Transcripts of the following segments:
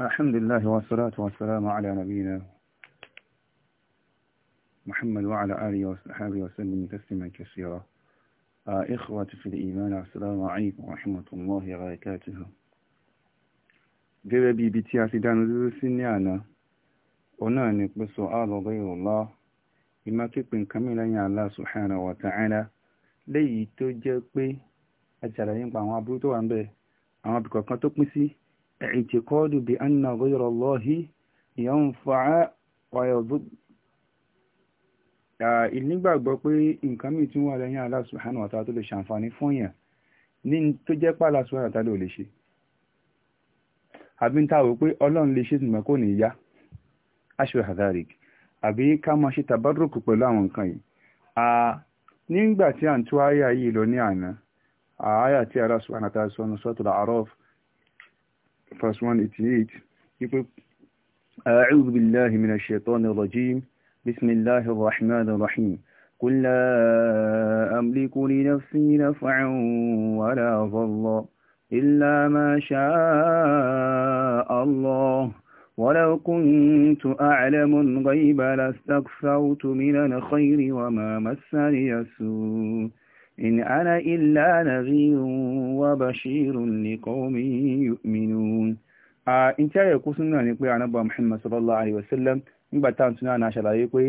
الحمد لله والصلاة والسلام على نبينا محمد وعلى آله وصحبه وسلم تسليما كثيرا إخوة في الإيمان السلام عليكم ورحمة الله وبركاته gẹ́gẹ́ bí ibi tí a ti dánu dúró sí ní àná òun náà ni pé sọ àlọ́gọ́ ìrọ̀lá ìmá pípé nǹkan mìíràn yẹn Allah subhanahu wa ta'ala léyìí tó jẹ́ pé a ṣàlàyé nípa àwọn aburú tó wà ń bẹ̀ àwọn abìkọ̀kan tó pín sí اعتقاد بأن غير الله ينفع ويضر ìnígbàgbọ́ pé nǹkan mìí tún wà lẹ́yìn Allah subhanahu wa ta'ala tó lè ṣàǹfààní fún yàn ní tó jẹ́ pé Allah subhanahu wa ta'ala ò lè ṣe àbí ń ta wò pé ọlọ́run lè ṣe tìmọ̀ kò ní yá aṣọ hazaric àbí ká máa ṣe tàbárùkù pẹ̀lú àwọn nǹkan yìí nígbà tí à ń tú àyà yìí lọ ní àná àyà tí Allah subhanahu sọ́nà suratul verse 188 wípé أعوذ بالله من الشيطان الرجيم بسم الله الرحمن الرحيم قل لا أملك لنفسي نفعا ولا ضرا إلا ما شاء الله ولو كنت أعلم الغيب لاستكثرت من الخير وما مسني السوء إن أنا إلا نذير وبشير لقوم يؤمنون in tí ayẹ̀ kú súnmọ́ ni pé anábà Muhammad sallallahu alaihi wasallam nígbà táwọn tún náà ṣàlàyé pé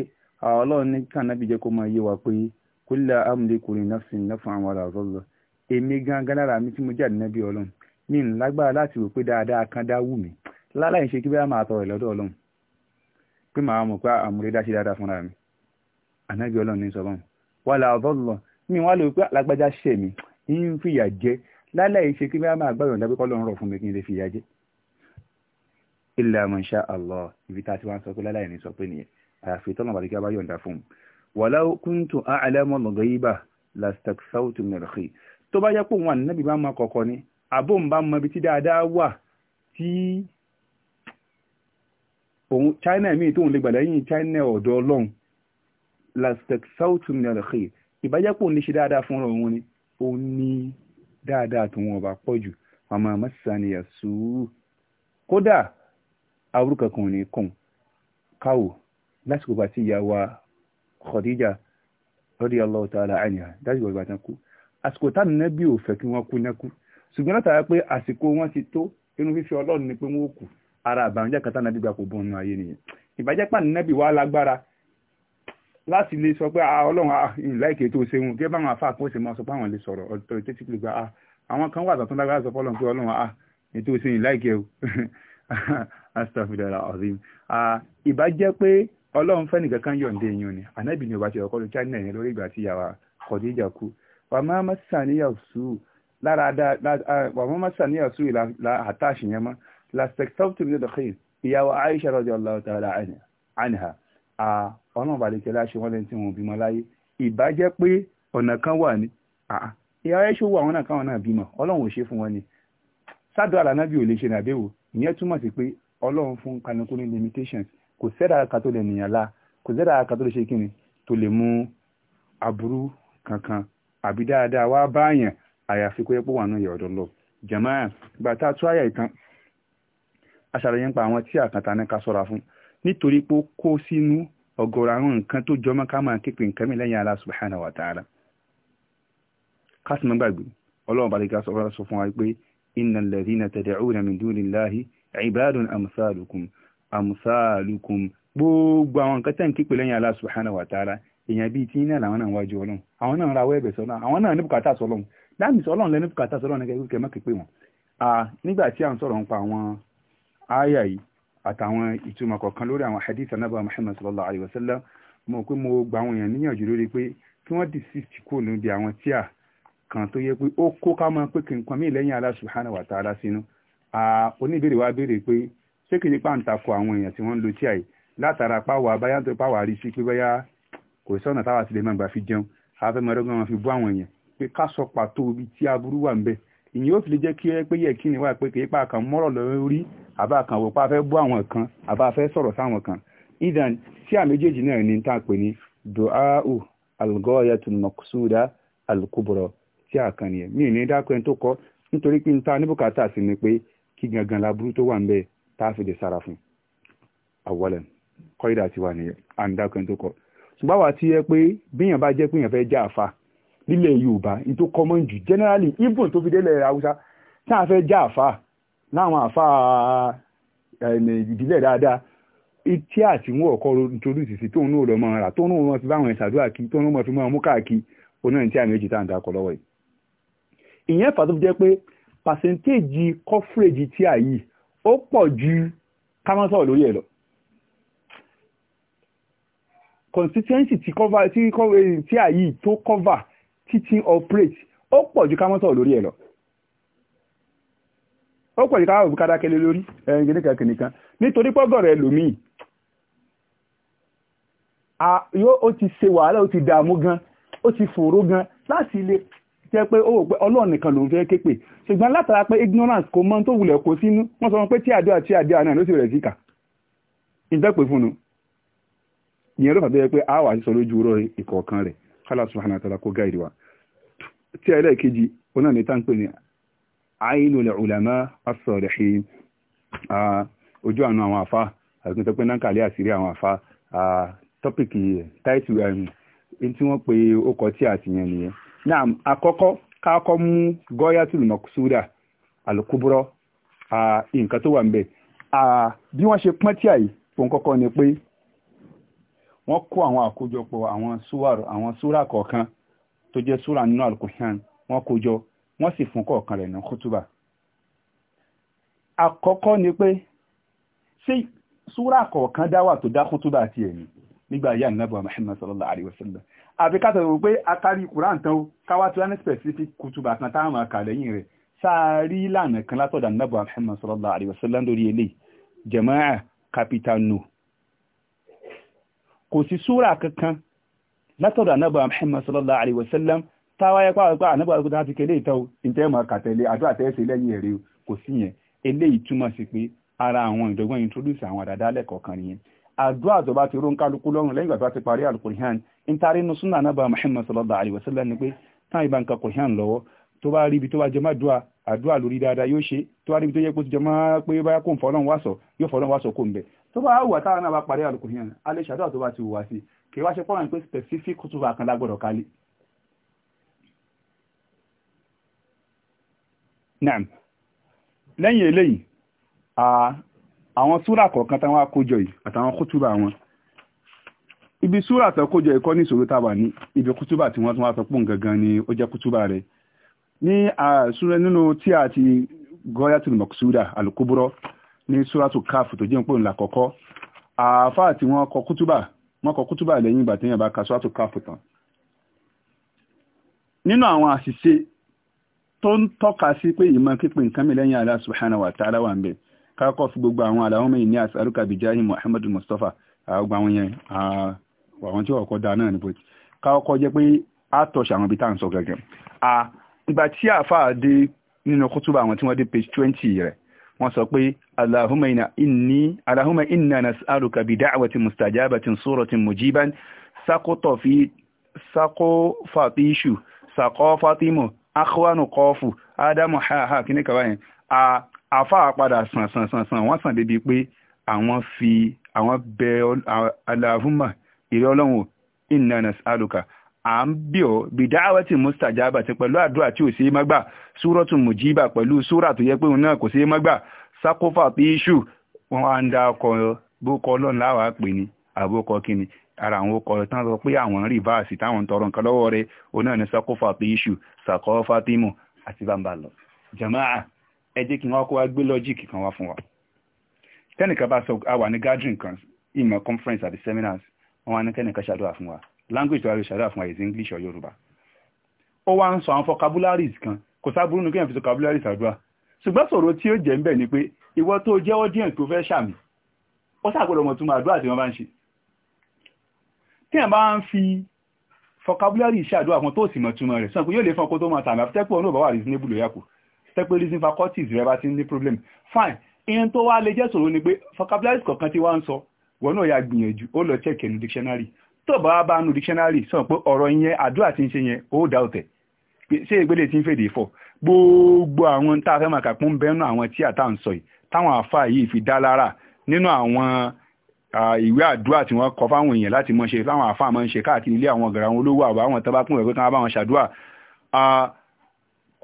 Ọlọ́run ní kànáàbì jẹ́ kó máa yé wa pé kulla amliku li nafsi naf'an wala dhurra èmi gangan lára mi tí mo jẹ́ àdínábì Ọlọ́run mi ń lágbára láti rò pé dáadáa kan dá wù mí láláì ṣe kí bá máa tọrọ ìlọ́dọ̀ Ọlọ́run pé màá mọ̀ pé àmúrẹ́dá ṣe dáadáa fúnra mi ànábì Ọlọ́run ní sọ wala dhurra mi wá lò pé alágbájá ṣẹ̀ mi ń fìyà jẹ lálẹ́ ìṣe kí bá máa gbàgbọ́n dábí kọ́lọ́run rọ̀ fún mi kí n lè fìyà jẹ. illa man sha Allah ibi tá a ti wá ń sọ pé lálẹ́ ìní sọ pé nìyẹn àyàfi tọ́lọ̀ bàdí kí a bá yọ̀ǹda fún un. walau kuntu a'lamu al-ghaiba lastaksautu min al-khair tó bá yẹ pé òun ànábì bá máa ìbájẹ́pọ̀ òun lè ṣe dáadáa fúnra òun ni ó ní dáadáa tó wọn ọba pọ̀ jù màmá mọ́sánìyà sùúrù kódà aburú kankan ní kàn káwò lásìkò bá ti yà wá Khadija radiyallahu ta'ala anha dájú ìgbà tán kú àsìkò táàmì náà bí ò fẹ́ kí wọ́n kú náà kú ṣùgbọ́n látara pé àsìkò wọn ti tó inú fífi ọlọ́run ni pé wọ́n kù ara àbànújẹ́ kan tánàbí gbà kò bọ́ọ̀nù ayé nìyẹn ìbàjẹ́pà nínẹ́bì wà lágbára láti lè sọ pé ah, ọlọ́run ìláìkè ah, tó ṣe wọn gẹ́gẹ́ báwọn afá kó ṣe máa sọ pé àwọn lè sọ̀rọ̀ authoritatively gba ah, àwọn kan wà tàtún lágbára sọ fọlọ́run pé ọlọ́run ètò ìṣe ìláìkè o astafidala azim ìbá jẹ́ pé ọlọ́run fẹ́ nìkan kan yọ̀ǹde èèyàn ni ànábì ni ọba ti ọkọ lu china yẹn lórí ìgbà tí ìyàwó kọ̀díjà kú wàmọ́ mọ́sàníyàwó sùúrù la àtàṣì yẹn mọ́ la sextoptum ní ìdọ̀kì ìyàwó aisha radiyallahu ta'ala anha ọlọ́run balẹ̀kẹ́ láṣẹ wọn lẹ́yìn tí wọn ò bímọ láyé ìbájẹ́ pé ọ̀nà kan wà ní ìyá ẹ ṣòwò àwọn náà káwọn náà bímọ ọlọ́run ò ṣe fún wọn ni sádùn àlànàbí ò lè ṣe nàbẹ́wò ìyẹn túmọ̀ sí pé ọlọ́run fún kanukú ní limitations kò sẹ́dà kan tó lè nìyàn la kò sẹ́dà kan tó lè ṣe kíni tó lè mú aburú kankan àbí dáadáa wá báyàn àyàfi kó yẹ pé wà nù yẹ̀ ọ̀dọ́ lọ ọ̀gọ̀rọ̀ àwọn nǹkan tó jọmọ́ ká máa képe nǹkan mi lẹ́yìn Allah subhanahu wa ta'ala kásìmọ́ gbàgbé ọlọ́run balẹ̀ gásọ ọlọ́run sọ fún wa pé innal ladhina tad'una min dunillahi ibadun amsalukum amsalukum gbogbo àwọn nǹkan tẹ́ ń képe lẹ́yìn Allah subhanahu wa ta'ala èèyàn bíi tí náà làwọn náà wájú ọlọ́run àwọn náà ra wẹ́ẹ̀bẹ̀ sọ́lọ́ àwọn náà ní bùkátà sọ́lọ́run láàmì sọ́lọ́run lẹ́ni bùkátà sọ́lọ́run nígbà tí à ń sọ̀rọ̀ nípa àwọn ááyà yìí àtàwọn ìtumọ̀ kọ̀ọ̀kan lórí àwọn hadith anábà muhammad sallallahu alayhi wa sallam mo pé mo gba àwọn èèyàn níyànjú lórí pé kí wọ́n desist kúrò níbi àwọn tíà kan tó yẹ pé ó kó ká máa pé kí nǹkan míì lẹ́yìn Allah subhanahu a ta'ala sínú oníbèrè wa béèrè pé ṣé kìí pa ń takò àwọn èèyàn tí wọ́n ń lo tíà yìí látara páwa báyà tó páwa rí sí pé báyà kò sọ́nà táwa ti lè máa gbà fi jẹun afẹ́mọ́rẹ́gbọ́n wọn fi bú àwọn èèyàn pé ká sọ pàtó ibi tí aburú wà ń bẹ́ẹ̀ ìyẹn ó fi lè jẹ́ kí ẹ pé yẹ kí ni wà pé kìí pa kan mọ́rọ̀ lórí àbá kan wò pa fẹ́ bú àwọn kan àbá fẹ́ sọ̀rọ̀ sáwọn kan idan tí à méjèèjì náà ní tá a pè ní du'a'u al-ghayatun maqsuda al-kubra tí a kan nìyẹn mí ní dákọ ẹni tó kọ nítorí pé n níbùkátà sí ni pé kí gangan laburú tó wà ń bẹ tá a fi lè sára fún awalan kọ́ ìdá tiwa nìyẹn à ń dákọ ẹni tó kọ ṣùgbọ́n àwa ti yẹ pé bíyàn nílẹ̀ yorùbá ní tó common jù generally even tó fi délẹ̀ haúsá tí a fẹ́ já àfa láwọn àfa ìbílẹ̀ dáadáa tí àti wọn ọkọ nítorí ìsìsì tóun náà lọ máa rà tóun náà wọn ti báwọn ìṣàdúrà kí tóun náà wọn fi máa mú káàkiri oní ẹni tí àmì èjì tá à ń dakọ lọ́wọ́ yìí. ìyẹn fà tó fi jẹ́ pé pàṣẹ́ntéèjì kọ́fúrèjì tí a yìí ó pọ̀ ju kámọ́sọ̀ lórí ẹ̀ lọ constituency tí cover tí cover tí àyí tó cover teaching of praise ó pọ̀ ju ká mọ́ sọ̀rọ̀ lórí ẹ̀ lọ ó pọ̀ ju ká wọ́n bùkátà kẹlẹ́ lórí ẹ̀yìn kìnìkan nìkan nítorí pọ́gọ̀rọ̀ ẹlòmíì ó ti ṣe wàhálà ó ti dààmú gan ó ti fòró gan láti lè jẹ́ pé ó wò pé ọlọ́run nìkan ló ń fẹ́ képe ṣùgbọ́n látara ignorance kò mọ tó wulẹ̀ kó sínú wọ́n sọ pé tí àdúrà tí àdúrà náà ló sì rẹ̀ fún un ìyẹn ló fà pé a wà lójú rọ ìkọ̀ọ̀kan rẹ̀ kálá subhanahu wa ta'ala kó gáìdì wa tí ẹlẹ́ẹ̀kejì oná ní tá ń pè ní ainul ulama as a ojú àánú àwọn àfá àti tó pé náà kàlẹ́ àṣírí àwọn àfá tọ́pìkì táìtù um, tí wọ́n pe ókọ tí àtìyàn nìyẹn náà àkọ́kọ́ káàkọ́ mú gọ́yàtùl maqsuda al-kubra nǹkan tó wà ń bẹ̀ bí wọ́n ṣe pọ́n tí àyè fún kọ́kọ́ ni pé wọ́n kó àwọn àkójọpọ̀ àwọn súwàrù àwọn súrà kọ̀ọ̀kan tó jẹ́ súrà nínú alukuhan wọ́n kó jọ wọ́n sì fún kọ̀ọ̀kan rẹ̀ ní kútùbà. àkọ́kọ́ ni pé ṣé súrà kọ̀ọ̀kan dáwà tó dá kútùbà àti ẹ̀yìn nígbà ayé ànábì Muhammad sallallahu alayhi wa sallam àfi ká sọ̀rọ̀ pé akari Qur'an tán káwá tí wọ́n ní specific kútùbà kan táwọn àkàlẹ́yìn rẹ̀ sáàrí ìlànà kan látọ̀dọ̀ ànábì Muhammad sallallahu alayhi wa sallam lórí eléyìí jama'a capital kò sí súrà kankan látọ̀dọ̀ anábà Muhammad sallallahu alaihi wasallam táwáyé pàwọ́pá anábà ọkùnrin láti kẹlé ìtọ́ ìtẹ́mọ̀ kàtẹ̀lé àdúrà tẹ́ẹ̀sì lẹ́yìn èrè kò sí yẹn eléyìí túmọ̀ sí pé ara àwọn ìdọ́gbọ́n introduce àwọn àdàdà lẹ́kọ̀ọ̀kan nìyẹn àdúrà tó bá ti ró ń kálukú lọ́rùn lẹ́yìn ìgbà tó ti parí alukurihan ń tarí inú súnà anábà Muhammad sallallahu alaihi wasallam ni pé táwọn ìbá ń ka lọ́wọ́ tó bá rí ibi tó bá jẹ má dùà àdúrà lórí dáadáa yóò ṣe tó wá níbi tó yẹ kó ti jọ máa pé báyà kò ń fọlọ́n wá sọ yóò fọlọ́n wá sọ kò ń bẹ̀ tó bá wà táwọn náà bá parí àlùkò yẹn a lè ṣàdúrà tó bá ti wà sí kì í wá ṣe fọ́nrán pé specific tó bá kan lágbọ́dọ̀ kálí. lẹ́yìn eléyìí àwọn súrà kọ̀ọ̀kan táwọn akójọ yìí àtàwọn kútúbà wọn ibi súrà tó kójọ ìkọ́ ní ìṣòro táwà ní ibi kútúbà tí wọ́n tún wá sọ pé gangan ni ó jẹ́ kútúbà rẹ̀ ní àṣúrẹ́ nínú tí a ti gọ́yàtìl mọ̀kúsúdà alùkúbúrọ́ ní súrátù káf tó jẹ́ pé ńlá kọ́kọ́ àáfáà tí wọ́n kọ kútúbà wọ́n kọ kútúbà lẹ́yìn ìgbà téèyàn bá ka súrátù káf tán nínú àwọn àṣìṣe tó ń tọ́ka sí pé ìmọ̀ pípe nǹkan mi lẹ́yìn Allah subhanahu wa ta'ala wà ń bẹ̀ kákọ́ fi gbogbo àwọn Allahumma inni as'aluka bijahi Muhammadu Mustafa àgbà wọn yẹn àwọn tí wọ́n kọ́ da náà níbo kákọ́ jẹ́ pé á tọ̀ṣẹ̀ àwọn ibi tá à ń sọ gẹ́gẹ́ ìgbà tí àáfàá dé nínú kútùbà àwọn tí wọ́n dé page twenty rẹ̀ wọ́n sọ pé allahumma inni allahumma inna nas'aluka bi da'wati mustajabatin suratin mujiban sakoto fi sako fatishu sako fatimu akhwanu kofu adamu ha ha kini kaba yẹn a afa padà sàn sàn sàn sàn wọ́n sàn débi pé àwọn fi àwọn bẹ allahumma ìrẹ́ ọlọ́run inna nas'aluka a ń bí ọ bìdáwẹ́tì mustajaba ti pẹ̀lú àdúrà tí ò sí mọ́gbà súrọ́tù mujiba pẹ̀lú súrà tó yẹ pé òun náà kò sí mọ́gbà sákófà tí iṣu wọn á ń da ọkọ bókọ ọlọ́run láwàá pè ní àbókọ kíni ara àwọn ọkọ tán sọ pé àwọn rìvásì táwọn tọrọ nǹkan lọ́wọ́ rẹ òun náà ní sákófà tí iṣu sàkọ́ àti bàbá lọ. jamaa ẹ jẹ́ kí wọ́n kó wa gbé lọ́jíìkì kan wá fún wa. kẹ́nìkan bá sọ àwa ní gathering kan ìmọ̀ conference àti seminars wọ́n wá ní kẹ́nìkan ṣàdúrà fún wa language tó wà lórí ṣàdá fún àyè english or yorùbá ó wá ń sọ àwọn vocabularies kan kò sábúrú nínú kéèyàn fi vocabularies àdúrà ṣùgbọ́n sọ̀rọ̀ tí ó jẹ́ ń bẹ̀ ni pé ìwọ tó jẹ́wọ́ díẹ̀ tó fẹ́ ṣàmì ó ṣàgbọ́dọ̀ mọ̀ tó máa àdúrà tí wọ́n bá ń ṣe tí ẹ̀ máa ń fi vocabulary iṣẹ́ àdúrà kan tó sì mọ̀ túmọ̀ rẹ̀ sọ̀rọ̀ pé yóò lè fọ́n kó tó máa tàmì àfitẹ́pọ̀ ọ̀nà òbáwà reasonable lóyà kù tẹ́pẹ́ reason faculties rẹ̀ bá ti ní problem fine ìyẹn tó wá lè jẹ́ sọ̀rọ̀ ni pé vocabulary kọ̀ọ̀kan tí wọ́n ń sọ wọn náà yà gbìyànjú ó lọ check ẹnu dictionary tó bá bá nu dictionary sọ pé ọ̀rọ̀ yẹn àdúrà ti ń ṣe yẹn ó dá òtẹ̀ ṣé ìgbélé ti ń fèdè fọ gbogbo àwọn tá a fẹ́ máa kàpọ̀ ń bẹ́nu àwọn tí àtà ń sọ yìí táwọn àáfàá yìí fi dá lára nínú àwọn ìwé àdúrà tí wọ́n kọ fáwọn èèyàn láti mọ̀ ṣe fáwọn àáfàá máa ń ṣe káàkiri ilé àwọn ọ̀gàrà àwọn olówó àbá àwọn tọ́ba kún ẹ̀kọ́ kan bá wọn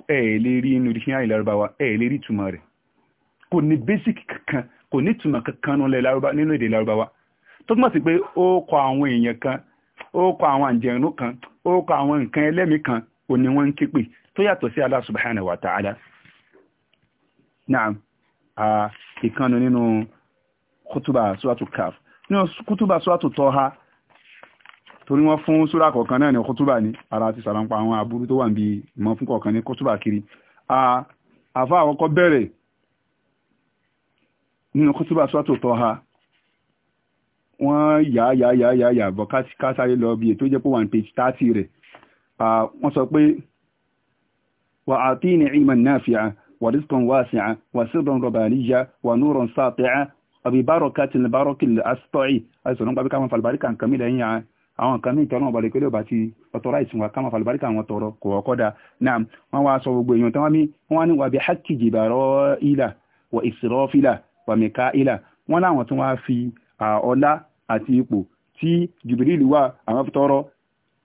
ẹ̀ lè rí inú dictionary lárúbáwá ẹ̀ tó mọ̀ sí pé ó kọ àwọn èèyàn kan ó kọ àwọn àǹjẹ̀nú kan ó kọ àwọn nǹkan ẹlẹ́mìí kan òní wọ́n ń ké pè tó yàtọ̀ sí Allah subhanahu wa ta'ala naam ìkànnì nínú kútùbà suratu kaf nínú kútùbà suratu tọ́ha torí wọ́n fún súrà kọ̀ọ̀kan náà ní kútùbà ní ara ti sàrànpa àwọn aburú tó wà níbi ìmọ̀ fún kọ̀ọ̀kan ní kútùbà kiri àfa àkọ́kọ́ bẹ̀rẹ̀ nínú kútùbà suratu tọ́ha wọ́n yà yà yà yà yà bọ̀ kásáré lọ bí ètò jẹ́ pé one page thirty rẹ̀ wọ́n sọ pé wà á tí ní ìmọ̀ náà fi hàn wà rísítọ̀n wá sí hàn wà sílùdọ̀n rọ̀bàríyà wà núrọ̀n sáàtẹ̀ hàn àbí bárọ̀ kàtì ní bárọ̀ kìlì asítọ́ì àìsàn nípa bí káwọn falùbáríkà nǹkan mìíràn yà hàn àwọn nǹkan mìíràn tọ́lọ́ ọ̀bàlẹ̀ pẹ̀lú ọba ti ọ̀tọ̀rọ̀ àìsàn wa káwọn falùbáríkà wọn tọrọ kò ọkọ́ da náà wọ́n láwọn tí wọ́n á fi ọlá àti ipò tí Jibril wà àwọn fi tọrọ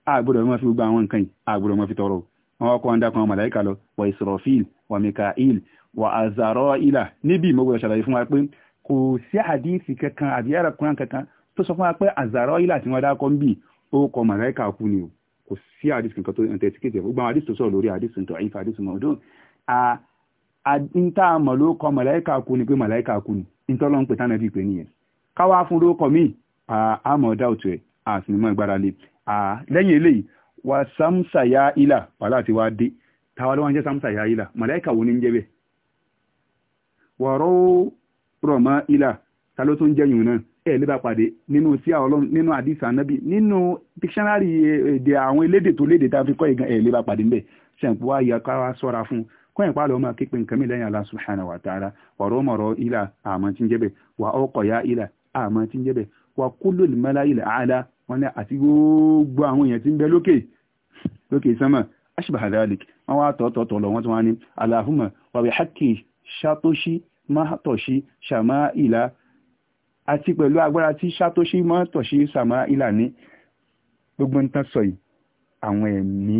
àgbọ̀dọ̀ máa fi gbogbo àwọn nǹkan yìí àgbọ̀dọ̀ máa fi tọrọ àwọn kan màláìka lọ wà Israfil wà Mikail wà Azaraila níbi ìmọ̀gbọ̀dọ̀ ṣàlàyé fún wa pé kò sí àdíìsì kankan àbí arákùnrin kankan tó sọ fún wa pé Azaraila tí wọ́n dákọ́ ń bì ó kọ màláìka kú ni o kò sí àdísì nǹkan tó ẹ̀ǹtẹ̀ tíkẹ́tì ẹ̀ gbogbo àwọn àdísì tó sọ̀rọ̀ lórí àdísì tó àyífa àdísì mọ̀ọ́dún àdíntà mọ̀ ló kọ màláìka kú ni pé màláìka kú ni ìtọ́lọ́ ń pè tánà bí pé nìyẹn káwá fún ló míì àmọ́ dáòtù ẹ̀ àsìnímọ̀ aa lé lẹ́yìn eléyìí wa samsa ya ilà wàhálà ti wa dé táwa ló samsa ya ilà màláìka wo ni ń jẹ́ bẹ́ẹ̀ wọ̀rọ̀ rọ̀ ilà ta ló tún jẹ́ yìí náà ẹ̀ lè pàdé nínú sí ọlọ́run nínú àdìsá nábì nínú dictionary èdè àwọn elédè tó lédè a kọ́ ẹ̀ pàdé ńbẹ̀ yà ká sọ́ra fún kọ́ ìpá wa mọ̀rọ̀ ilà àmọ́ tí ń jẹ́bẹ̀ wà ọkọ̀ ya ilà àmọ́ wà kúlò lìmọ́láyìí àlá wọn ni àti gbogbo àwọn èèyàn tí ń bẹ lókè lókè sánmà aṣíbàá dalik wọn wá tọ̀ọ̀tọ̀ lọ wọn tí wọn ní aláhùmọ̀ wàbí hákì ṣàtọ́ṣí mátọ̀ṣí ṣàmá ìlà àti pẹ̀lú agbára tí ṣàtọ́ṣí mátọ̀ṣí ṣàmá ìlà ní gbogbo ń tán sọ yìí àwọn ẹ̀mí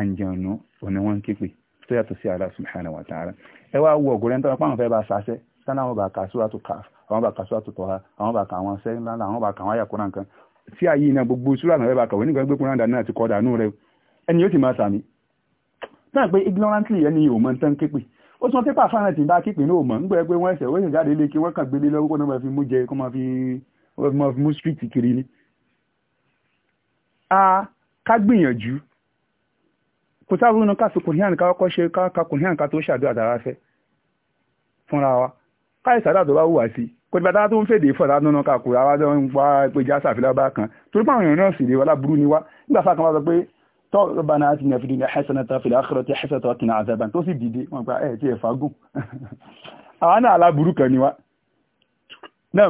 àǹjànú ọ̀nà wọn képe tó yàtọ̀ sí Allah subhanahu wa ẹ wá wo ọ̀gọ̀rẹ́ àwọn bá ka sọ́ra tó tọ̀ ha àwọn bá ka àwọn sẹ́yìn ńlá àwọn bá ka àwọn ayàkúrà nǹkan tí ayé iná gbogbo sùúrù àná rẹ̀ bá kàwé nígbà gbẹ́kúrò náà náà ti kọ́ dànù rẹ̀ ẹni yóò ti máa sàmì náà pé ignorantly ẹni ò mọ tán képe ó sọ pépà fáwọn ẹtì bá képe náà mọ nígbà pé wọ́n ẹsẹ̀ wọ́n ẹsẹ̀ jáde lé kí wọ́n kàn gbélé lọ́wọ́ kó náà fi mú jẹ fi a ká gbìyànjú kò sáwọn inú káfí kòhíàn ká kọ́ ṣe ká kòhíàn ká tó ṣàdúrà dára fẹ́ fúnra wa káyọ̀ sàdá tó bá wù wá sí i kò dìbàtà tó ń fèdè fọ̀tà nínú kakò àwa jọ ń pa ìpèjà sàfihàn bá kan torí pé àwọn èèyàn náà sì lè wà láburú ni wá nígbà fákan wá sọ pé tọ́ rọ́bàna àti ní àfihàn hasanata fil akhirati hasanata kìnà àzàbàn tó sì dìde wọn gba ẹ̀ tí ẹ̀ fagùn àwa náà aláburú kan ni wá. náà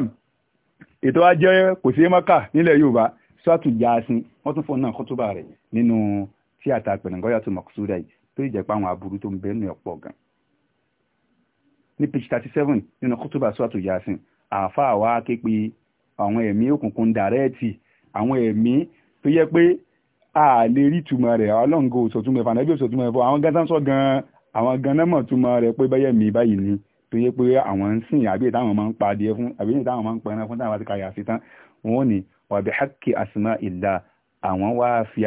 ètò wa jẹ́ kò sí mọ́kà nílẹ̀ Yorùbá sọ́ọ̀tù Yásìn wọ́n tún fọ́n náà kọ́tùbà rẹ̀ nínú tíátà pẹ̀lú ní page thirty seven nínú kótóbà sọ́ọ̀tù yasin àáfàá wa ké pe àwọn ẹ̀mí òkùnkùn dàrẹ́ẹ̀tì àwọn ẹ̀mí tó yẹ pé a lè rí ìtumọ̀ rẹ̀ ọlọ́ǹgò sọ̀túnmọ̀ ẹ̀fọ̀ ànábì sọ̀túnmọ̀ ẹ̀fọ̀ àwọn gánsan sọ gan àwọn ganan mọ̀ túmọ̀ rẹ̀ pé bẹ́yẹ̀ mi báyìí ni tó yẹ pé àwọn ń sìn àbí ìtàwọn máa ń pa adìẹ fún àbí ìtàwọn máa ń pa ẹran fún táwọn bá ti ka yàtí tán wọn ò ní wàbí hákì àsìmá ìlà àwọn wá fi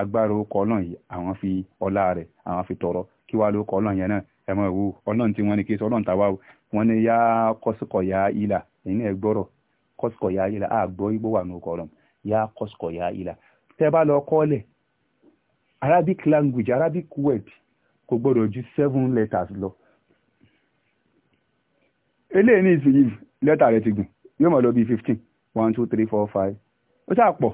agbára orúkọ ọlọ́run yìí àwọn fi ọlá rẹ̀ àwọn fi tọrọ kí wàá lórúkọ ọlọ́run yẹn náà ẹ̀mọ̀ ìwò ọlọ́run tí wọ́n ní kí sọ ọlọ́run tàwa wọ́n ní yá kọ́sùkọ̀ yá ilà ẹ̀yin ẹ̀ gbọ́rọ̀ kọ́sùkọ̀ yá ilà á gbọ́ igbó wà ní ọkọ̀ ọ̀rọ̀ yá kọ́sùkọ̀ yá ilà tẹ́ bá lọ kọ́lẹ̀ arabic language arabic word kò gbọ́dọ̀ ju seven letters lọ eléyìí ní ìsìn yìí lẹ́tà rẹ̀ ti gùn yóò mọ̀ lọ bí fifteen one two three four five ó sáà pọ̀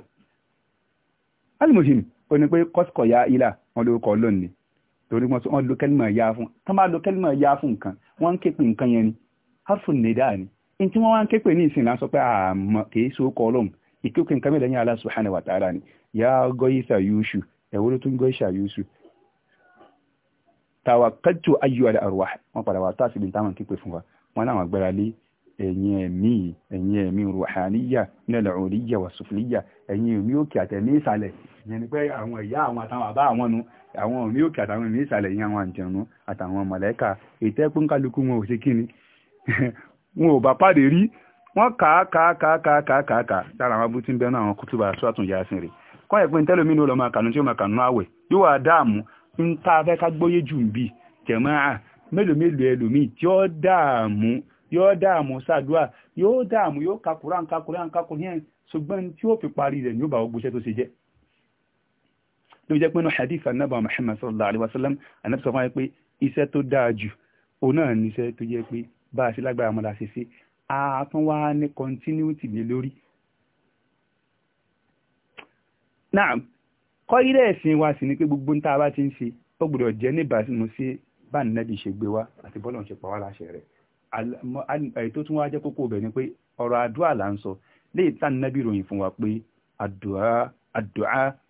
alimohim ó ní pé kọ́sùkọ̀ yá ilà wọn ló kọ́ lónìí torí wọ́n lo kẹ́lìmọ̀ ya fún tán bá lo kẹ́lìmọ̀ ya fún nǹkan wọ́n ń nǹkan yẹn ni harfun nida ni in tí wọ́n wá ń képe ní ìsìn lásán pé àmọ́ ah, kìí so kọ́ ọlọ́run ìképe nǹkan mẹ́lẹ̀ ni ya gọ́yìsà yusuf ẹ̀wọ́n ló tún gọ́yìsà yusuf tawakkaltu ayyuha al-arwah wọ́n padà wà táwọn fún wa náà lé ẹ̀mí ẹ̀mí àwọn òmí òkè àtàwọn òmí ìsàlẹ̀ yìí àwọn àjẹ̀nu àtàwọn mọ̀lẹ́kà ìtẹ́kùn kálukú wọn ò ṣe kíni wọn ò bá pàdé rí wọ́n kà á kà á kà á kà á kà á kà á kà á dára àwọn abúlé tí ń bẹ náà àwọn kútùbà sọ́ọ̀tún yà sìn rè kọ́ ẹ̀ pé ní tẹ́lómi ní ó lọ máa kànú tí ó máa kànú àwẹ̀ yóò wá dáàmú ń tá a ká gbóyè jù ń bì jẹ̀mọ́ à mélòó mélòó ẹlòmíì tí ó dáàmú yóò dáàmú ló jẹ́ pé nínú hadith anábà Muhammad sallallahu alayhi wa sallam anábà sọ fún wa pé iṣẹ́ tó dáa jù òun náà ní iṣẹ́ tó jẹ́ pé bá a ṣe lágbára mọ́ la ṣe ṣe a tún wá ní continuity lé lórí. náà kọ́ ilé ẹ̀sìn wa sì ni pé gbogbo ń tá a bá ti ń ṣe ó gbọ́dọ̀ jẹ́ níbàámu sí bá nínú ṣe gbé wa àti bọ́lọ̀ ṣe pa wá láṣẹ rẹ̀ ètò tún wá jẹ́ kókó ọbẹ̀ ni pé ọ̀rọ̀ àdúrà là ń sọ léyìí tá nínú ròyìn fún wa pé àdúrà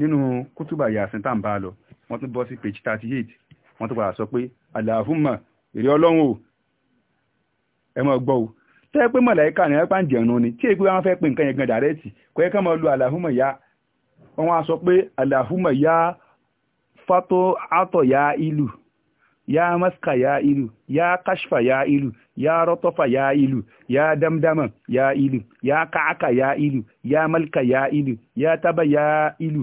nínú kútùbà yàsìn tá à ń bá lọ wọ́n tún bọ́ sí page 38 wọ́n tún padà sọ pé àlàáfùmà èrè ọlọ́run o ẹ mọ̀ gbọ́ o tẹ́ pé mọ̀láyíkà ni wọ́n ń jẹun ni tí èkó wọn fẹ́ pè nǹkan yẹn gan dàrẹ́tì kọ́ yẹ ká lu yá sọ pé yá fátó àtọ̀ yá ìlú yá maska yá ìlú yá kashfa yá ìlú yá rọ́tọ́fà yá ìlú yá dámdámà yá ìlú yá káàkà yá ìlú yá yá ìlú yá tábà yá ìlú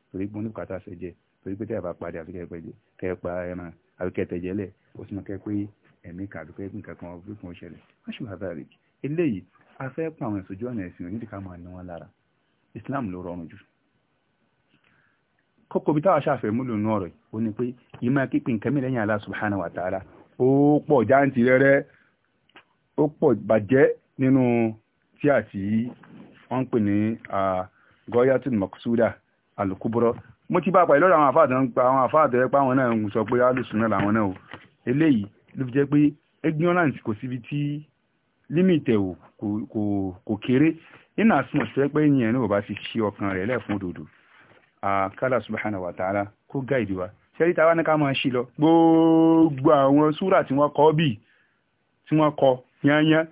torí gbọ́n ní bùkátà ṣe jẹ torí pé tẹ́yà bá parí àfi kẹ́ẹ̀pẹ́ jẹ kẹ́ẹ̀pá ẹran àfi kẹ́ẹ̀tẹ̀ jẹ lẹ̀ ó sì máa kẹ́ pé ẹ̀mí kàdú pé nǹkan kan ọdún kan ṣẹlẹ̀ wọ́n ṣe wà báyìí eléyìí a fẹ́ pa àwọn ẹ̀sùn ojú ọ̀nà ẹ̀sìn onídìí ká máa ní wọn lára Islam ló rọrùn jù kókó bí táwọn aṣáfẹ́ múlò nú ọ̀rọ̀ yìí ó ní pé ìmọ̀ kíkpin nǹkan mìíràn yẹn Allah subhanahu wa ta'ala ó pọ̀ jáǹtì rẹ́rẹ́ ó pọ̀ bàjẹ́ nínú tí àti wọ́n ń pè ní gọ́yàtún mọ̀kúsúdà alùkúbọ́rọ́ mo ti bá pàdé lọ́dọ̀ àwọn àfáàtẹ̀ ń pa àwọn àfáàtẹ̀ pa àwọn náà ń sọ pé alùsùnà làwọn náà o eléyìí ló fi jẹ́ pé ignorance kò síbi tí límìtẹ̀ ò kò kéré nínú àsùnmọ̀ sí pé yẹn náà bá ti ṣe ọkàn rẹ̀ lẹ́fún òdòdó àkàlà subhanahu wa ta'ala kó gáìdì wa ṣẹ́rí tàwa ní ká máa ṣí lọ gbogbo àwọn súrà tí wọ́n kọ́ bì tí wọ́n kọ yányán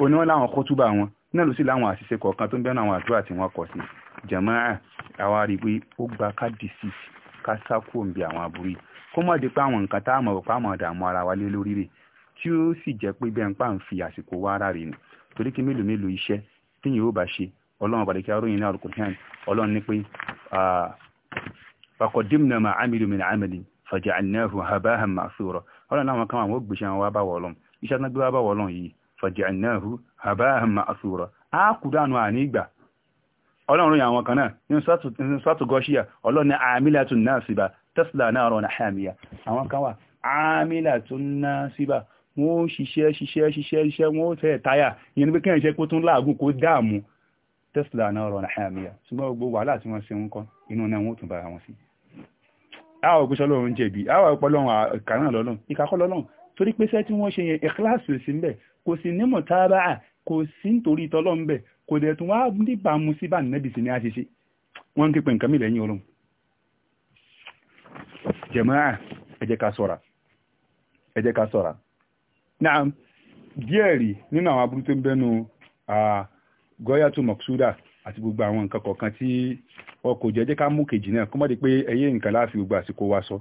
oníwọ́n láwọn kó túbà wọn náà ló sì láwọn àṣìṣe kọ̀ọ̀kan tó ń bẹ́nu àwọn àdúrà tí wọ́n kọ sí jàmáà àwa rí i pé ó gba ká sá kúrò níbi di pé àwọn nǹkan tá a mọ̀ pa àmọ̀ dààmú ara wa lé lórí rẹ̀ tí ó sì jẹ́ pé bẹ́ẹ̀ ń pa ń fi àsìkò wá ara rẹ̀ nù torí kí mélòó mélòó iṣẹ́ téèyàn yóò bá ṣe ọlọ́run àbàdàkí aróyìn náà rúkọ̀ hàn ọlọ́run ní pé fakọ̀dímnà máa amílù mi ní amílì fàjà àníhù máa ọlọ́run láwọn ọlọ́run yà wọn kan náà nínú sọ́tù gọ́ṣíyà ọlọ́ni àmìlàtún náà síbà tesla náà rọ̀ náà hàmìyà àwọn kan wà àmìlàtún náà síbà wọ́n ṣiṣẹ́ ṣiṣẹ́ ṣiṣẹ́ ṣiṣẹ́ wọ́n tẹ́ táyà ìyẹn pé kẹ́yìn iṣẹ́ kó tún láàgùn kó dáàmú tesla náà rọ̀ náà hàmìyà ṣùgbọ́n gbogbo wàhálà tí wọ́n ṣe ń kọ́ inú náà wọ́n tún bára wọn sí. àwọn òkúṣọ lọ́run jẹ̀bi àwọn ọpọlọ́run ìkàrán lọ́lọ́run ìkàkọ́ lọ́lọ́run torí pé iṣẹ́ wọ́n ṣe yẹn ìkíláàsì sí ń bẹ̀ kò sí nímọ̀ tábà kò sí nítorí tọ́lọ́ ń bẹ̀ kò dẹ̀ tún wá níbàámu sí bá nẹ́bì sí ní àṣìṣe wọ́n ń pípẹ́ nǹkan mi lẹ́yìn ọlọ́run jẹ̀máà ẹ jẹ́ ká ṣọ́ra ẹ jẹ́ ká ṣọ́ra náà díẹ̀ rí nínú àwọn aburú tó ń bẹ́nu gọ́yàtò mọ̀kúsúdà àti gbogbo àwọn nǹkan kọ̀ọ̀kan tí ọkọ̀ jẹ́jẹ́ ká mú kejì náà kọ́mọ́ di pé ẹyẹ nǹkan láàfin gbogbo àsìkò wa sọ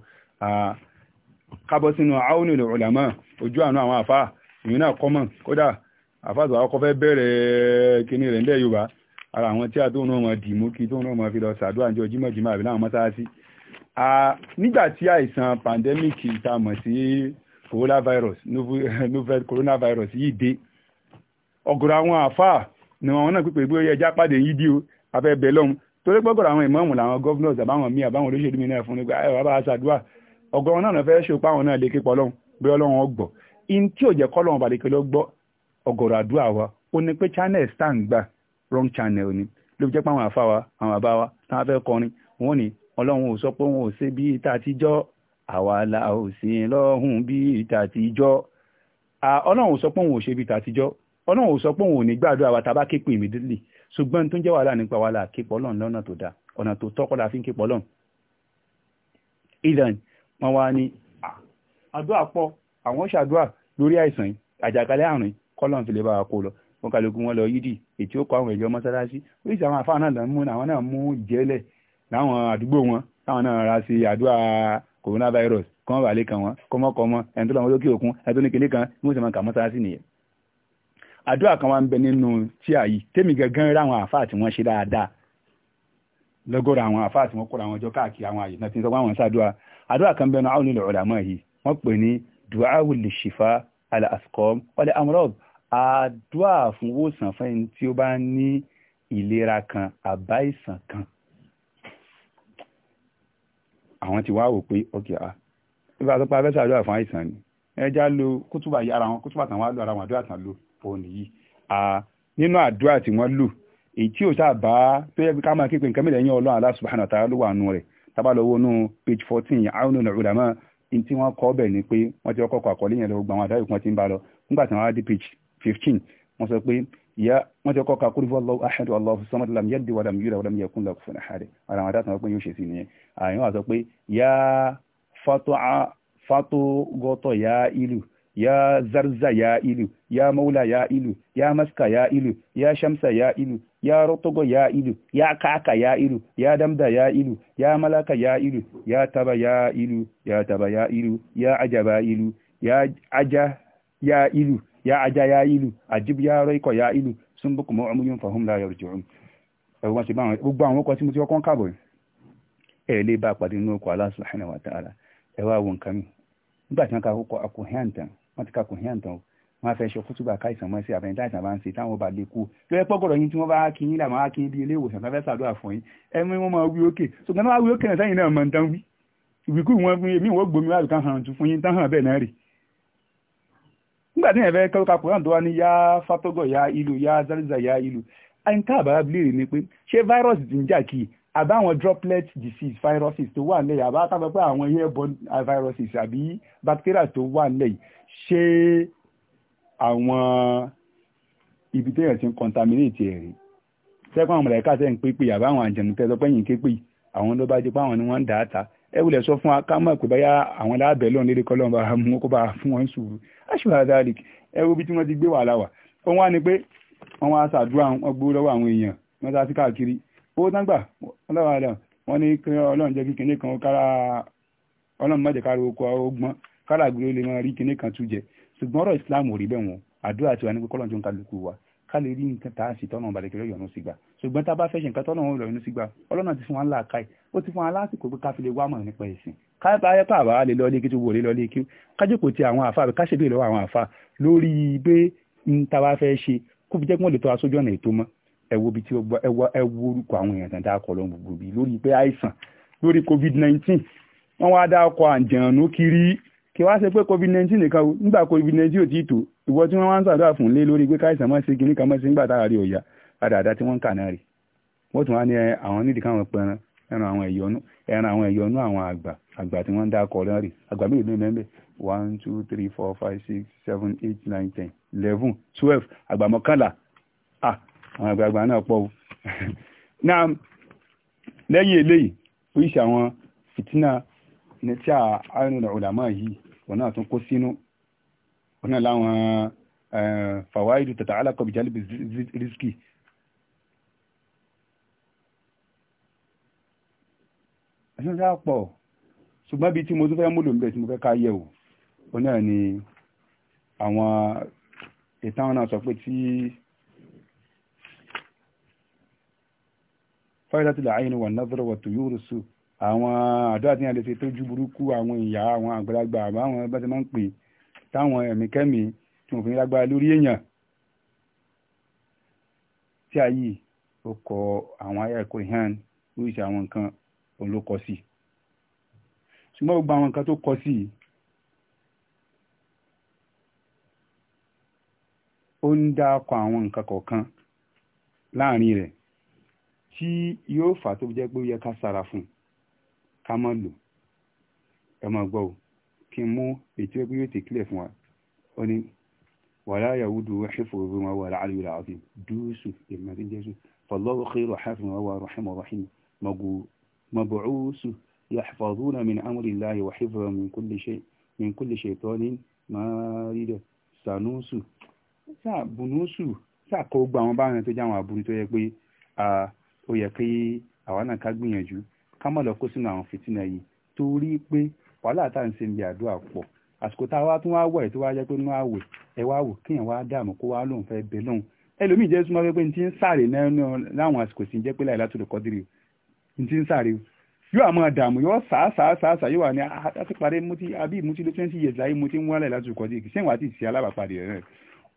kábọ́ sínú àwọn olùrànlọ́mọ́ ojú àánú àwọn àfáà ìyẹn náà kọ́mọ̀ kódà àfáàzọ̀ àkọ́kọ́ fẹ́ bẹ̀rẹ̀ kíní rẹ̀ nílẹ̀ yorùbá ara àwọn tí a tó náà máa dìmú kí tó náà máa fi lọ sàdúrà ní ọjọ́ mọ̀jìmọ̀ àbí láwọn mọ́sáàsì nígbà tí àìsàn pandemic tá mọ̀ sí coronavirus novel coronavirus yìí dé ọ̀gọ̀rọ̀ àwọn àfáà ni wọn náà pípé bí ó yẹ ẹja pàdé yìí dí o afẹ́ bẹ̀ lọ́hùn torí gbọ́dọ̀ àwọn ìmọ̀ọ́mù làwọn governors àbáwọn míì àbáwọn olóṣèlú mi náà fún nígbà ẹ̀ bàbá àṣàdúrà ọ̀gọ̀rọ̀ náà fẹ́ ọ̀gọ̀rọ̀ àdúrà wa ó ní pé channels tá ń gbà wrong channel ni ló fi jẹ́ pé àwọn àfa wa àwọn bàbá wa táwọn fẹ́ kọrin wọ́n ní ọlọ́run ò sọ pé òun ò ṣe bí ìta àtijọ́ àwa la ò sí lọ́hùn bí ìta àtijọ́ ọlọ́run ò sọ pé òun ò ṣe bí ìta àtijọ́ ọlọ́run ò sọ pé òun ò ní gbàdúrà wa tàbá képe immediately ṣùgbọ́n tó ń jẹ́ wàhálà nípa wàhálà képọ̀ ọlọ́run lọ́nà tó dáa ọ̀nà tó tọ́kọ́ la fi ń képọ̀ ọlọ́run. idan wọn wá ní àdúrà pọ̀ àwọn ṣàdúrà lórí àìsàn àjàkálẹ̀ àrùn kọ́lọ̀ fi lè bá wa kó lọ wọn kàlùkù wọn lọ yídì ètí ó kọ àwọn ẹ̀yọ́ mọ́sálásí oríṣi àwọn afáà náà lọ́n mú àwọn náà mú ìjẹ́lẹ̀ láwọn àdúgbò wọn táwọn náà ra sí àdúrà coronavirus kọ́ wà lé kan wọn kọ́mọ́kọ́mọ́ ẹni tó lọ́wọ́ lókè òkun ẹni tó ní kéde kan ní oṣù mọ̀ọ́kà mọ́sálásí nìyẹn. àdúrà kan wá ń bẹ nínú tí a yìí tèmi gangan ráwọn àfáà tí wọ́n ṣe dáadáa lọ́gọ́rọ̀ àwọn àfáà tí wọ́n kóra àwọn ọjọ́ káàkiri àdúà fún wòsàn fún ẹni tí ó bá ní ìlera kan àbá ìsàn kan àwọn ti wá wò pé ok ah ìgbà tó pa abẹ́sẹ̀ àdúà fún àìsàn ni ẹja lo kútùbà yìí ara wọn kútùbà tàn wá lo ara wọn àdúà tàn lo òun nìyí nínú àdúà tí wọ́n lò èyí tí ò sáà bá tó yẹ ká máa képe nǹkan mìíràn yín ọlọ́run Allah subhanahu wa ta'ala ló wà nù rẹ̀ tábàlọ́wọ́ nù page fourteen Aunul Ulama tí wọ́n kọ́ bẹ̀ ni pé wọ́n ti kọ́kọ́ àkọlé yẹn lọ gbọ́n àwọn àdáyé kan ti ń bá lọ nígbà tí wọ́n á dé page fifteen wọ́n sọ pé ìyá wọ́n ti kọ́ ka kúrú fún ọlọ́wọ́ ahadu Allahu samad lam yalid wa lam yulad wa lam yakun lahu kufuwan ahad ara àwọn adáàtàn pé yóò ṣe sí nìyẹn àyàn wà sọ pé yá fatu gọ́tọ̀ yá ìlú ya zarza ya ilu ya maula ya ilu ya maska ya ilu ya shamsa ya ilu ya rotogo ya ilu ya kaka ya ilu ya damda ya ilu ya malaka ya ilu ya taba ya ilu ya taba ya ilu ya ajaba ilu ya aja ya ilu ya ajá ya ìlú àjíbù ya rọ ikọ̀ ya ìlú sún bùkù mọ́ ọmú yóò fàhùn láyọ̀ jùrùm ẹ̀wọ́n ṣe báwọn gbogbo àwọn ọkọ̀ tí mo ti kọ́kọ́ ń kàbọ̀ ẹ̀ lè bá pàdé nínú ọkọ̀ Allah subhanahu wa ta'ala ẹ wá wo nǹkan mi nígbà tí wọ́n ka ọkọ̀ akọ̀hìntàn wọ́n ti ka akọ̀hìntàn wọ́n fẹ́ ṣe kútùbà káìsàn mọ́ sí àbẹ̀yìn táìsàn bá ń ṣe táwọn bá lè kú lóyẹ pọ́gọ̀rọ̀ yín tí wọ́n bá kí yín làmọ́ á kí yín bí ilé ìwòsàn tó fẹ́ ṣàdúrà fún yín ẹ̀mí wọn máa wí òkè ṣùgbọ́n wọn wí òkè náà sẹ́yìn náà mọ̀ ń tán wí ìwíkú wọn fún yín èmi ìwọ́gbọ̀n mi wà lùkàn hàn tún fún yín tán hàn bẹ́ẹ̀ náà rèé nígbà tí ẹ̀fẹ́ kẹ́lọ́ka kùrán tó wá ní yá fátógọ̀ yá ìlú yá zálízà yá ìlú àyíká àbára ni pé ṣé virus ti ń jà kí àbáwọn droplet disease viruses tó wà nílẹ̀ àbá káfẹ́ pé àwọn airborne viruses àbí bacteria tó wà nílẹ̀ ṣé àwọn ibi téèyàn ti ń contaminate ẹ̀ rí sẹ́kọ̀ọ́ àwọn mọ̀lẹ́ká tẹ́ ń pépè àbáwọn àjẹmútẹ́ lọ́pẹ́yìn képè àwọn ló jẹ́ pé àwọn ni wọ́n ń dà á ta e wulẹ̀ sọ fún wa ká ya pé báyà àwọn lábẹ́ lọ́n lédè kọ́lọ́n bá mú kó bá fún wọn sùúrù aṣùwà dárík ẹ bí tí wọ́n ti gbé wàhálà wà òun wa ni pé wọ́n wá ṣàdúrà wọn gbó lọ́wọ́ àwọn èèyàn wọ́n sá sí káàkiri owó tán gbà ọlọ́wọ́ àdà wọ́n ní kí ọlọ́run jẹ́ kí kinní kan kára ọlọ́run má kára oko ká lè rí nǹkan tá à ń ṣe tọ́nà ọ̀bàlẹ̀ kẹrẹ́ yọ̀nù sígbà ṣùgbọ́n tá a bá fẹ́ ṣe nǹkan tọ́nà ọ̀rọ̀ yọ̀nù sígbà ọlọ́nà ti fún wa ńlá ka ẹ̀ ó ti fún wa lásìkò pé ká fi lè wá mọ̀ nípa ẹ̀sìn ká bá yẹ pé àwa lè lọ lékí tó wò lè lọ lékí kájòkó ti àwọn àfa ká ṣe bẹ́ẹ̀ lọ́wọ́ àwọn àfa lórí pé n ta bá fẹ́ ṣe kó fi jẹ́ kí wọ́n lè tọ́ covid-19 wọ́n wá dáa kọ kiri kí wá ṣe pé covid-19 nìkan o nígbà covid-19 ò tí ì tó ìwọ tí wọ́n wá ń sàdúrà fún lé lórí pé káìsàn máa ṣe kí nìkan máa ṣe nígbà tára rí òòyà àdàdà tí wọ́n ń kà náà rè wọ́n tún wá ní àwọn nídìí káwọn pẹran ẹran àwọn ẹ̀yọ́nú ẹran àwọn ẹ̀yọ́nú àwọn àgbà àgbà tí wọ́n ń dákọ̀ náà rè àgbà mí ìlú mẹ́mbẹ́ one two three four five six seven eight nine ten eleven twelve àgbà wọn náà tún kó sínú wọn náà láwọn fàwáìdù tàtà alákọ̀bí jálìbì rísíkì ẹ̀sìn sáà pọ̀ ṣùgbọ́n bí tí mo tún fẹ́ múlò ń bẹ̀ tí mo fẹ́ ká yẹ̀wò wọn náà ni àwọn ìtàn náà sọ pé tí fáyidátìlẹ̀ àyínú náà fẹ́rẹ̀ wà tó yóò rú sùn àwọn àdúrà tí yẹn lè ṣe tó ju burúkú àwọn ìyá àwọn àgbàlagbà àbáwọn bá ti máa ń pè táwọn ẹ̀mí kẹ́mi tí wọ́n fi ní lágbára lórí èèyàn tí a yìí ó kọ àwọn ayé ẹ̀kọ́ ìhàn lóríṣi àwọn nǹkan olókọ sí ṣùgbọ́n gbogbo àwọn nǹkan tó kọ sí ó ń dá ọkọ àwọn nǹkan kọ̀ọ̀kan láàrin rẹ̀ tí yóò fà tó jẹ́ pé ó yẹ ká sára fún un ká má lò ẹ máa gbọ́ o kí n mú ètò ẹgbẹ́ yóò tèkílẹ̀ fún wa ó ní wàlá yahudu ṣífòrò wọn wà láàrin ìlà àti dúúsù ìmọ̀tí jésù fọlọ́wọ́ kérò hafin wọn wà rahim rahim mabu'usu yahfazuna min amri llahi wa hifran min kulli shay min kulli shaytanin marida sanusu sa bunusu sa ko gba wọn ba tó ja wọn aburu tó yẹ pé ó yẹ kí àwa náà ká gbìyànjú ká má lọ kó sínú àwọn fìtínà yìí torí pé wàhálà tá à ń ṣe níbi àdúrà pọ̀ àsìkò tá a wá tún wá wọ̀ ẹ̀ tó wá jẹ́ pé nínú àwẹ̀ ẹ wá wò kéèyàn wá dààmú kó wá lóun fẹ́ bẹ lóun ẹlòmíì jẹ́ súnmọ́ pé n ti ń sáré láwọn àsìkò sì ń jẹ́ pé láì látòlù kọ́dírì n ti ń sáré o yóò àmọ́ dààmú yóò sàá sàá sàá sàá yóò wà ní àti ah, mutí àbí mutí ló twenty years láyé mutí ń wálẹ̀ látòlù kọ́dírì kì sẹ́yìn wá ti ṣe alábàápàdé rẹ̀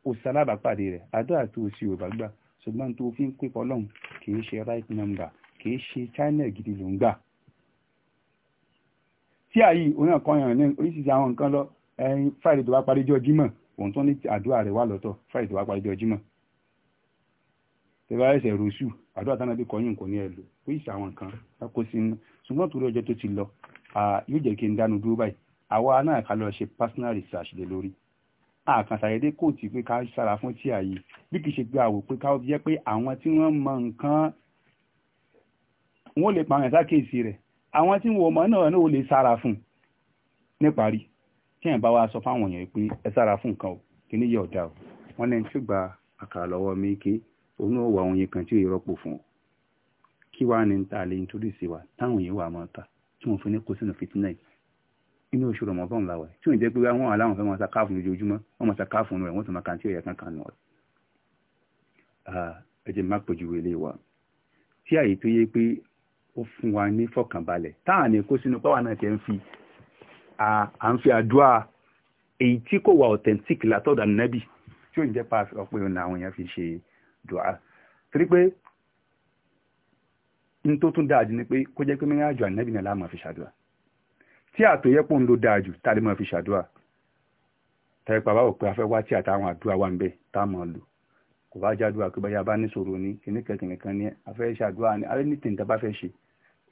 o ṣe alábàápàdé rẹ̀ àdúrà tó o ṣe ò bá gbà ṣùgbọ́n tó fi ń pè pọ́ lọ́hùn kì í ṣe right number kìí ṣe China gidi ló ń gbà tí àyè oní ọ̀kan yàn ní oríṣiríṣi àwọn nǹkan lọ ẹyin Friday tó bá parí jọ Jímọ̀ òun tó ní àdúrà rẹ̀ wà lọ́tọ̀ Friday tó bá parí jọ Jímọ̀ tẹ́lá ẹsẹ̀ rọ̀ṣù àdúrà táwọn ẹbí kọyún kò ní ẹ lò oríṣiríṣi àwọn nǹkan kó sí inú ṣùgbọ́n torí ọjọ́ tó ti lọ yóò jẹ́ kí n dánu dúró báyìí àwa náà ká lọ ṣe personal research lé lórí àkàntàyédé kò tí pé ká sára fún tí àyè bí kì í ṣe pé àwò pé ká jẹ́ pé àwọn tí wọ́n mọ nǹkan wọ́n lè pààyàn sákèsí rẹ̀ àwọn tí wọ́n mọ̀ náà náà lè sára fún un níparí tí ẹ̀ bá wa sọ fáwọn èèyàn pé ẹ sára fún nǹkan o ní yẹ ọ̀dà o wọ́n lẹ́ni tí ó gba àkàrà lọ́wọ́ mi ké òun náà wà òun yẹn kan tí ò rọ́pò fún un kí wàá ní ta lè nítorí sí wa táwọn èèyàn wà máa ta tí wọ́n fi ní kó sínú fìtínà yìí inú oṣù rọmọbọ́n la wà tí ò ń jẹ́ pé wọ́n aláwọn fẹ́ máa sakáàfù lójoojúmọ́ wọ́n máa sakáàfù rẹ̀ wọ́n sì máa kàǹtí ẹ̀yà kankan nù ọ̀rẹ́ tí àyè tó yẹ pé ó fún wa ní fọkànbalẹ̀ táà ní kó sínú pàwọn náà ti ń fi à ń fi àdúrà èyí tí kò wà authentic látọ̀dọ̀ nẹ́bì tí ò ní jẹ́ pa ọ̀pẹ òun àwọn èèyàn fi ṣe dùá torí pé n tó tún dáa jù ni pé kó jẹ́ pé mẹ́rin àjò ànẹ́bì náà láàmú fi ṣàdúrà tí àtòyẹ́pọ̀ ń lo dáa jù tá a lè máa fi ṣàdúrà tẹ́rẹ bàbá ò pé afẹ́ wá tí àtàwọn àdúrà wà ń bẹ̀ tá a máa lò kò bá jádùá pé báyà bá ní sòrò ní kìnnìkan ní afẹ́ ṣàdúrà ní alẹ́ nìtìǹtà bá fẹ́ ṣe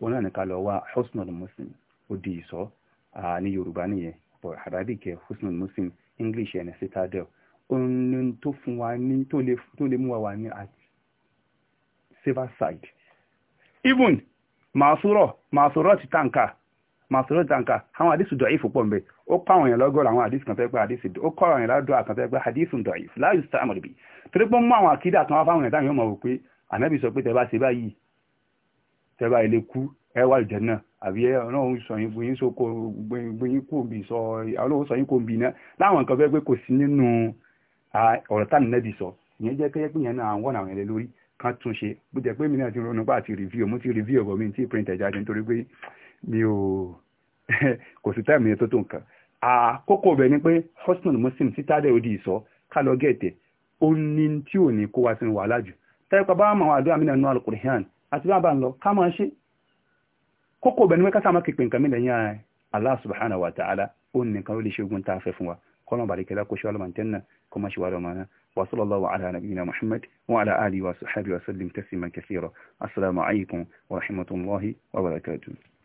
òun náà lọ wá husnul muslim odi ìsọ ní yorùbá nìyẹn bọ̀ arabic ẹ̀ husnul muslim english ẹ̀ ní citadel òun tó fún wa ní tó lè mú wa wà ní silver side even màsúrọ̀ màsúrọ̀ ti tànkà màsúrò danka àwọn àdìsù dọ̀ìfù pọ̀ mbẹ́ ó kọ́ àwọn èèyàn lọ́gọ́rọ̀ àwọn àdìsù kan fẹ́ pé àdìsù ó kọ́ àwọn èèyàn lọ́dọ̀ àkàn fẹ́ pé àdìsù dọ̀ìfù láyùsítà àmọ̀lẹ́bí torí pé mú àwọn àkídà kan wá fáwọn èèyàn táwọn yóò mọ̀ wò pé ànábì sọ pé tẹ bá ṣe báyìí tẹ́bà ilé kú ẹ wà lùjẹ́ náà àbí ẹ ọlọ́run sọ yín gbóyin so kò gbóyin kò bì sọ ọlọ́run sọ yín kò bì náà láwọn nǹkan fẹ́ pé kò sí nínú ọ̀rọ̀ táwọn nẹ́bì sọ ìyẹn jẹ́ kẹ́yẹ́ pé yẹn náà àwọn àwọn ẹ̀rẹ́ lórí kan tún ṣe bó jẹ́ pé mi náà ti ronú pa àti review mo ti review ọ̀bọ̀ mi ti print ẹ̀já jẹ́ nítorí pé mi ò kò sí táìmù yẹn tó tó nǹkan àkókò bẹ̀ ni pé hosnan muslim sítádẹ̀ òdì ìsọ ká lọ gẹ̀ẹ́tẹ̀ ó ní tí ò ní kó wá sínú wàhálà jù táyọ̀ bá àwọn àdúrà mi náà nú àti bá bá ń lọ ká máa ṣe kókó bẹ̀ ni wọ́n kásá máa kìpè nǹkan mi lẹ́yìn ara Allah subhanahu wa ta'ala ó nìkan ó lè ṣe ogun tá a fẹ́ fún wa kọ́nà bàrí kẹ́lá kó ṣe ọlọ́mọ tẹ́nà kó má ṣe wà lọ́mọ náà wa sallallahu ala nabiyyina Muhammad wa ala alihi wa sahbihi wa sallim tasliman kathira assalamu alaikum wa rahmatullahi wa barakatuh